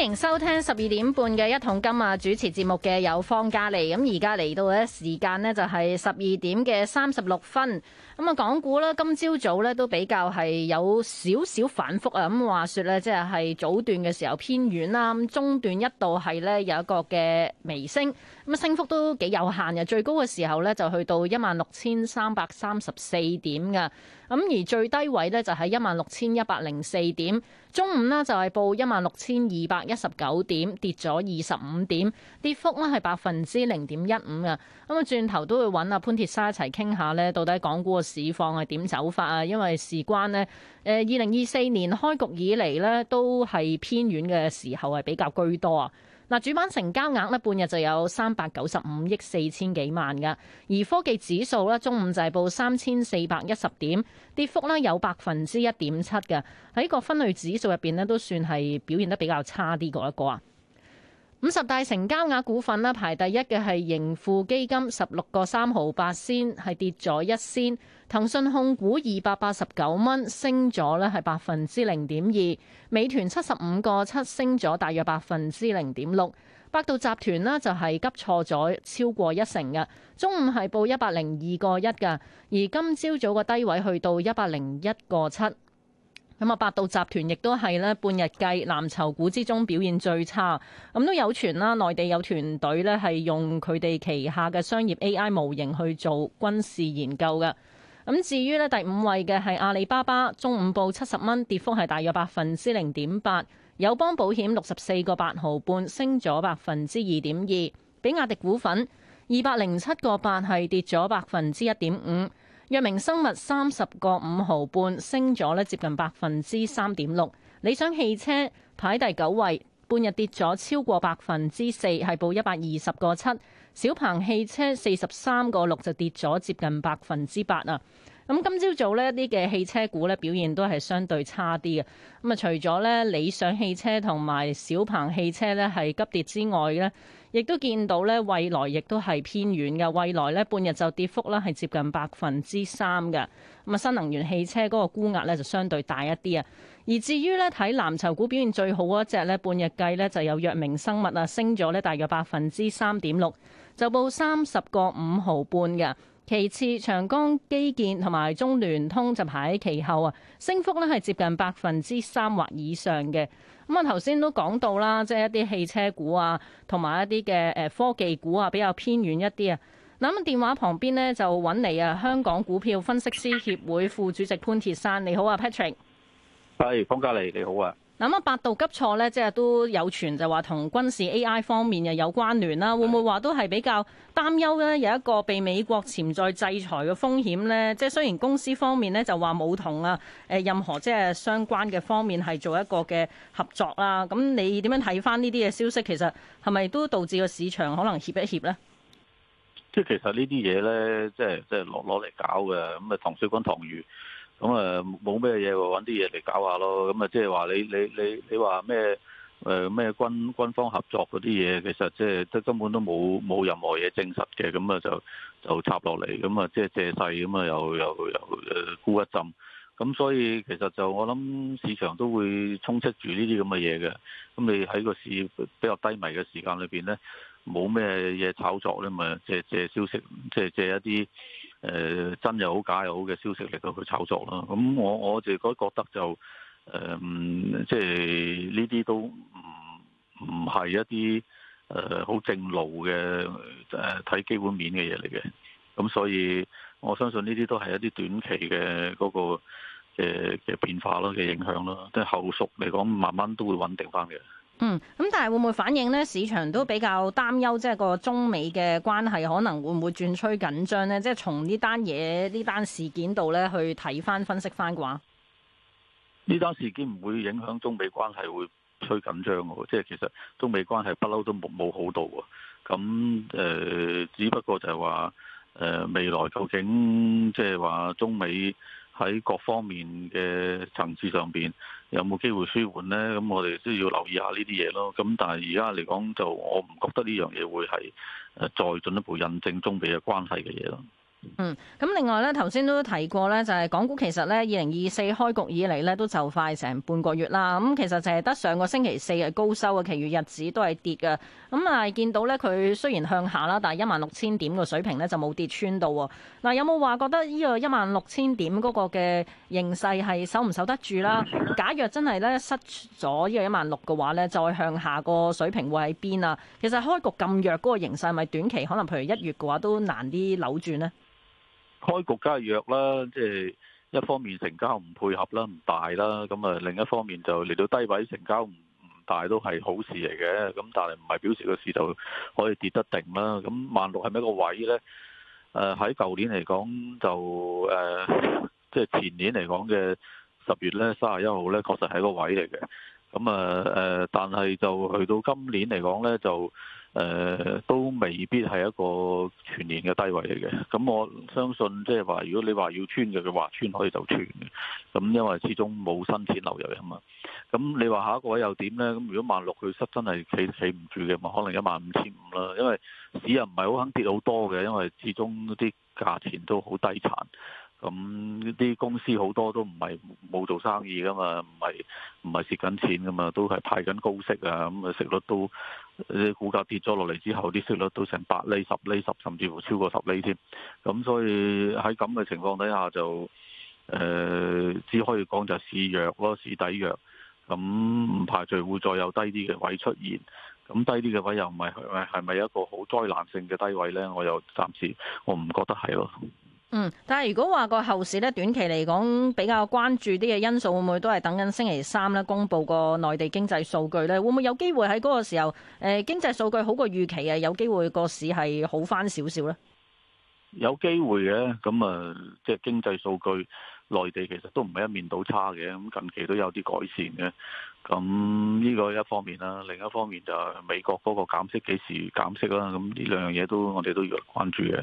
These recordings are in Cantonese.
歡迎收聽十二點半嘅一桶金啊！主持節目嘅有方嘉莉，咁而家嚟到，咧，時間咧就係十二點嘅三十六分。咁啊，港股咧今朝早咧都比較係有少少反覆啊。咁話說咧，即係係早段嘅時候偏軟啦，咁中段一度係咧有一個嘅微升，咁升幅都幾有限嘅。最高嘅時候咧就去到一萬六千三百三十四點嘅，咁而最低位咧就係一萬六千一百零四點。中午呢，就係報一萬六千二百一十九點，跌咗二十五點，跌幅呢係百分之零點一五嘅。咁啊，轉頭都會揾阿潘鐵珊一齊傾下呢，到底港股嘅市況係點走法啊？因為事關呢，誒二零二四年開局以嚟呢，都係偏軟嘅時候係比較居多啊。嗱，主板成交額咧半日就有三百九十五億四千幾萬㗎，而科技指數咧中午就係報三千四百一十點，跌幅咧有百分之一點七㗎，喺個分類指數入邊咧都算係表現得比較差啲嗰一個啊。五十大成交額股份呢，排第一嘅係盈富基金，十六個三毫八仙，係跌咗一仙。騰訊控股二百八十九蚊，升咗咧係百分之零點二。美團七十五個七，升咗大約百分之零點六。百度集團呢就係急挫咗超過一成嘅，中午係報一百零二個一㗎，而今朝早個低位去到一百零一個七。咁啊，百度集團亦都係咧，半日計藍籌股之中表現最差。咁都有傳啦，內地有團隊咧係用佢哋旗下嘅商業 AI 模型去做軍事研究嘅。咁至於咧，第五位嘅係阿里巴巴，中午報七十蚊，跌幅係大約百分之零點八。友邦保險六十四個八毫半，升咗百分之二點二。比亞迪股份二百零七個八係跌咗百分之一點五。藥明生物三十個五毫半升咗咧，接近百分之三點六。理想汽車排第九位，半日跌咗超過百分之四，係報一百二十個七。小鵬汽車四十三個六就跌咗接近百分之八啊。咁今朝早咧，啲嘅汽車股呢，表現都係相對差啲嘅。咁啊，除咗咧理想汽車同埋小鵬汽車呢，係急跌之外呢，亦都見到呢蔚來亦都係偏軟嘅。蔚來呢半日就跌幅啦，係接近百分之三嘅。咁啊，新能源汽車嗰個沽壓咧就相對大一啲啊。而至於呢，睇藍籌股表現最好嗰隻呢，半日計呢就有藥明生物啊升咗呢大約百分之三點六，就報三十個五毫半嘅。其次，長江基建同埋中聯通就排喺其後啊，升幅咧係接近百分之三或以上嘅。咁啊，頭先都講到啦，即係一啲汽車股啊，同埋一啲嘅誒科技股啊，比較偏遠一啲啊。嗱咁啊，電話旁邊呢，就揾嚟啊，香港股票分析師協會副主席潘鐵珊，你好啊，Patrick。係，hey，方家利，你好啊。咁啊，百度急挫咧，即係都有傳就話同軍事 AI 方面又有關聯啦，啊。會唔會話都係比較擔憂咧？有一個被美國潛在制裁嘅風險咧。即係雖然公司方面咧就話冇同啊誒任何即係相關嘅方面係做一個嘅合作啊。咁你點樣睇翻呢啲嘅消息？其實係咪都導致個市場可能怯一怯咧？即係其實呢啲嘢咧，即係即係落落嚟搞嘅。咁啊，唐水軍唐魚。咁啊，冇咩嘢，搵啲嘢嚟搞下咯。咁啊，即係話你你你你話咩？誒，咩軍軍方合作嗰啲嘢，其實即係都根本都冇冇任何嘢證實嘅。咁啊，就就插落嚟，咁啊，即係借勢，咁啊，又又又誒沽一浸。咁所以其實就我諗市場都會充斥住呢啲咁嘅嘢嘅。咁你喺個市比較低迷嘅時間裏邊咧，冇咩嘢炒作咧，咪借借消息，借借一啲。誒真又好假又好嘅消息嚟到去炒作啦，咁我我就覺覺得就誒，即係呢啲都唔唔係一啲誒好正路嘅誒睇基本面嘅嘢嚟嘅，咁所以我相信呢啲都係一啲短期嘅嗰個嘅變化咯，嘅影響咯，即係後續嚟講慢慢都會穩定翻嘅。嗯，咁但係會唔會反映呢？市場都比較擔憂，即係個中美嘅關係可能會唔會轉趨緊張呢？即係從呢單嘢、呢單事件度呢去睇翻、分析翻啩。呢單事件唔會影響中美關係會趨緊張，即係其實中美關係不嬲都冇冇好到，咁誒，只不過就係話，誒，未來究竟，即係話中美喺各方面嘅層次上邊。有冇機會舒緩呢？咁我哋都要留意下呢啲嘢咯。咁但係而家嚟講，就我唔覺得呢樣嘢會係再進一步印證中美嘅關係嘅嘢咯。嗯，咁另外咧，頭先都提過咧，就係、是、港股其實咧，二零二四開局以嚟，咧都就快成半個月啦。咁、嗯、其實淨係得上個星期四係高收嘅，其餘日子都係跌嘅。咁、嗯、啊，見到咧佢雖然向下啦，但係一萬六千點個水平咧就冇跌穿到。嗱、嗯，有冇話覺得呢個一萬六千點嗰個嘅形勢係守唔守得住啦？假若真係咧失咗呢個一萬六嘅話咧，再向下個水平會喺邊啊？其實開局咁弱嗰，那個形勢，咪短期可能譬如一月嘅話都難啲扭轉呢。開局加係弱啦，即係一方面成交唔配合啦，唔大啦，咁啊另一方面就嚟到低位成交唔唔大都係好事嚟嘅，咁但係唔係表示個市就可以跌得定啦。咁萬六係咪個位呢？誒，喺舊年嚟講就誒，即係前年嚟講嘅十月咧，三十一號咧，確實係個位嚟嘅。咁啊誒，但係就去到今年嚟講咧就。誒、呃、都未必係一個全年嘅低位嚟嘅，咁我相信即係話，如果你話要穿嘅，佢話穿可以就穿嘅，咁因為始終冇新錢流入啊嘛。咁你話下一個位又點呢？咁如果萬六佢失真係企企唔住嘅嘛，可能一萬五千五啦。因為市又唔係好肯跌好多嘅，因為始終啲價錢都好低殘。咁呢啲公司好多都唔係冇做生意噶嘛，唔係唔係蝕緊錢噶嘛，都係派緊高息啊，咁啊息率都啲股價跌咗落嚟之後，啲息率都成百厘、十厘、十，甚至乎超過十厘添。咁、嗯、所以喺咁嘅情況底下就，就、呃、誒只可以講就試弱市弱咯，市底弱。咁、嗯、唔排除會再有低啲嘅位出現。咁、嗯、低啲嘅位又唔係係咪係咪一個好災難性嘅低位咧？我又暫時我唔覺得係咯。嗯，但係如果話個後市咧，短期嚟講比較關注啲嘅因素，會唔會都係等緊星期三咧公佈個內地經濟數據咧？會唔會有機會喺嗰個時候，誒，經濟數據好過預期啊？有機會個市係好翻少少咧？有機會嘅，咁啊，即係經濟數據內地其實都唔係一面倒差嘅，咁近期都有啲改善嘅。咁呢個一方面啦，另一方面就係美國嗰個減息幾時減息啦，咁呢兩樣嘢都我哋都要關注嘅。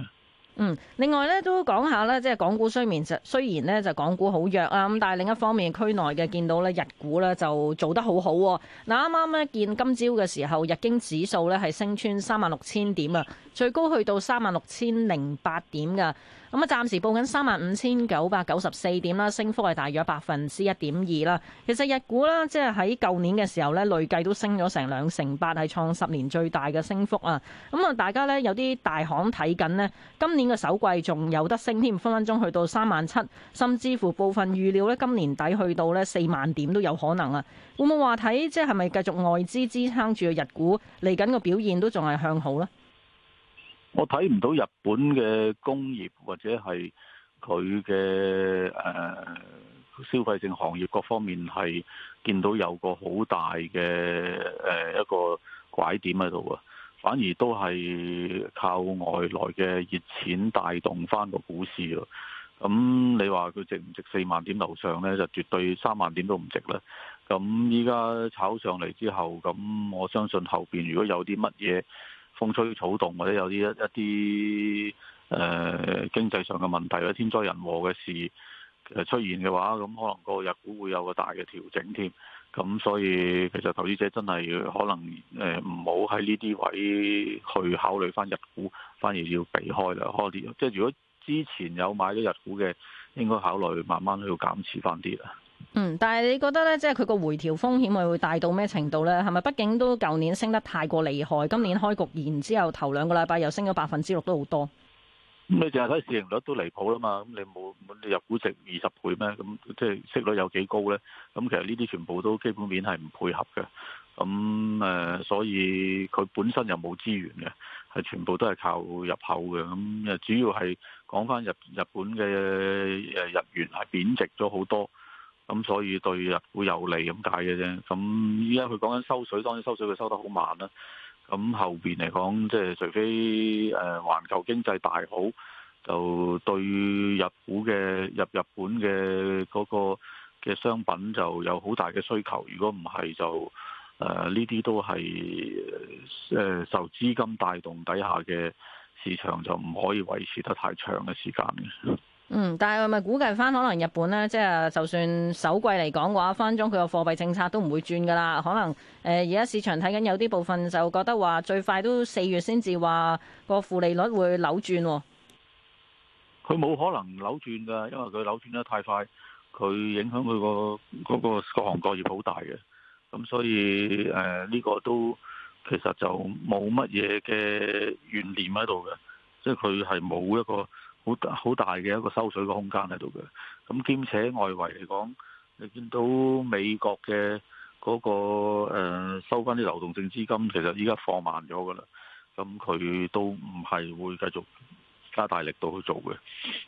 嗯，另外咧都講下啦，即係港股雖然就雖然呢就港股好弱啊，咁但係另一方面，區內嘅見到咧日股咧就做得好好喎。嗱啱啱，咧見今朝嘅時候，日經指數咧係升穿三萬六千點啊，最高去到三萬六千零八點噶，咁啊暫時報緊三萬五千九百九十四點啦，升幅係大約百分之一點二啦。其實日股啦，即係喺舊年嘅時候咧，累計都升咗成兩成八，係創十年最大嘅升幅啊。咁啊，大家咧有啲大行睇緊咧，今年。嘅首季仲有得升添，分分鐘去到三萬七，甚至乎部分預料咧，今年底去到咧四萬點都有可能啊！會唔會話睇即係咪繼續外資支撐住日股嚟緊個表現都仲係向好咧？我睇唔到日本嘅工業或者係佢嘅誒消費性行業各方面係見到有個好大嘅誒一個拐點喺度啊！反而都係靠外來嘅熱錢帶動翻個股市咯。咁你話佢值唔值四萬點樓上呢，就絕對三萬點都唔值啦。咁依家炒上嚟之後，咁我相信後邊如果有啲乜嘢風吹草動或者有啲一一啲誒、呃、經濟上嘅問題或者天災人禍嘅事出現嘅話，咁可能個日股會有個大嘅調整添。咁所以其實投資者真係可能誒唔好喺呢啲位去考慮翻日股，反而要避開啦。開啲即係如果之前有買咗日股嘅，應該考慮慢慢都要減持翻啲啦。嗯，但係你覺得呢，即係佢個回調風險係會大到咩程度呢？係咪？畢竟都舊年升得太過厲害，今年開局然之後頭兩個禮拜又升咗百分之六，都好多。咁你淨係睇市盈率都離譜啦嘛，咁你冇你入股值二十倍咩？咁即係息率有幾高咧？咁其實呢啲全部都基本面係唔配合嘅，咁誒所以佢本身又冇資源嘅，係全部都係靠入口嘅，咁誒主要係講翻日日本嘅誒日元係貶值咗好多，咁所以對日股有利咁解嘅啫。咁依家佢講緊收水，當然收水佢收得好慢啦。咁後邊嚟講，即係除非誒環球經濟大好，就對日股嘅入日本嘅嗰個嘅商品就有好大嘅需求。如果唔係，就誒呢啲都係誒受資金帶動底下嘅市場，就唔可以維持得太長嘅時間嘅。嗯，但係咪估計翻可能日本咧，即、就、係、是、就算首季嚟講嘅話，翻種佢個貨幣政策都唔會轉噶啦。可能誒，而家市場睇緊有啲部分就覺得話最快都四月先至話個負利率會扭轉，哦。佢冇可能扭轉噶，因為佢扭轉得太快，佢影響佢、那個嗰個各行各業好大嘅。咁所以誒呢、呃這個都其實就冇乜嘢嘅懸念喺度嘅，即係佢係冇一個，好大嘅一個收水嘅空間喺度嘅，咁兼且外圍嚟講，你見到美國嘅嗰、嗰個、呃、收翻啲流動性資金，其實依家放慢咗噶啦，咁佢都唔係會繼續加大力度去做嘅，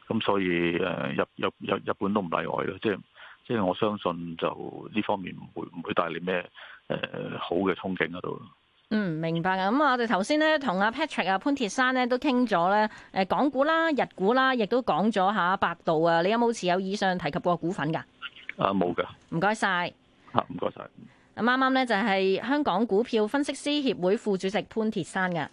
咁所以誒日日日本都唔例外啦，即係即係我相信就呢方面唔會唔會帶嚟咩誒好嘅憧憬喺度啦。嗯，明白噶。咁啊，我哋頭先咧同阿 Patrick 啊潘鐵珊咧都傾咗咧，誒港股啦、日股啦，亦都講咗下百度啊。你有冇持有以上提及過股份噶？啊，冇噶。唔該晒。吓、啊，唔該晒。啱啱咧就係香港股票分析師協會副主席潘鐵珊嘅。